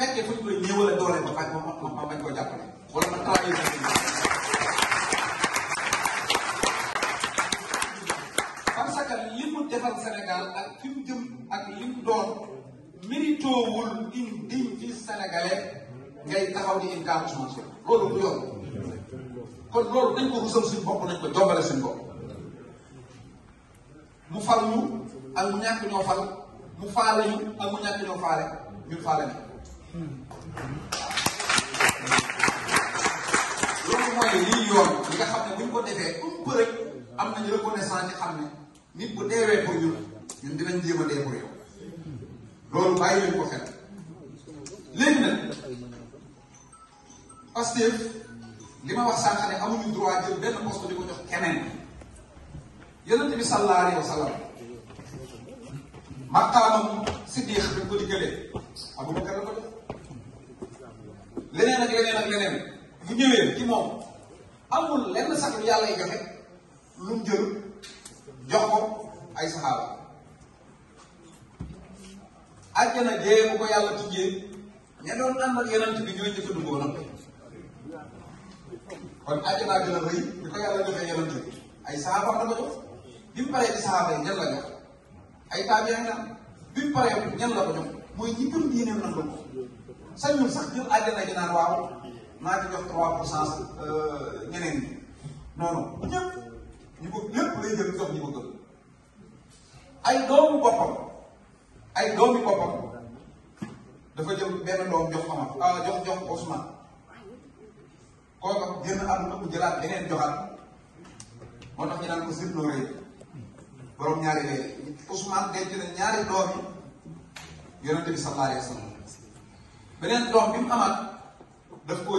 bu fekkee fu ñu koy néewale doole ma bañ ma ma bañ koo jàppale nañ ko jombale suñu bopp mu fal ñu ak mu ñàkk ñoo fal mu ñu ak mu ñàkk ñoo faale ñu loolu mooy lii yoon li nga xam ne bu ñu ko defee un peu rek am nañu reconnaissance ñi xam ne nit bu deewee pour ñun ñun dinañ jéem a dee pour yow loolu bàyyi leen ko xel léegi nag Pastef li ma wax sànq ne amuñu droit jël benn poste di ko jox keneen yonent bi sallallahu alayhi wa sallam maqaamam leneen ak leneen ak leneen bu ñëwee ci moom amul lenn sax lu yàlla yi joxe lu mu jël jox ay saxaaba àjjana jee bu ko yàlla tijjee ña doon ànd ak yonent bi ñooy njëkk a dugg ba noppi kon àjjanaa gën a rëy bi ko yàlla joxee yonent bi ay saxaaba la ko jox bi mu paree ci saxaaba yi ñan la jox ay taabiyaan bi mu paree ñan la ko jox mooy ñi gëm diineem nangu ko sañul sax jël àjjana ji naan waaw naa ci jox euh, ñu ko lépp lay jël jox ñu ko ay doomu boppam ay doomi boppam dafa jël benn doom jox Omar ah jox jox Ousmane kooku génn àdduna mu jëlaat beneen joxaat moo tax ñu naan ko sirnoo rëy borom ñaari rëy Ousmane denc ñaari doom yi yonente bi sallallahu alayhi wa sallam beneen dox bi mu amaat daf koo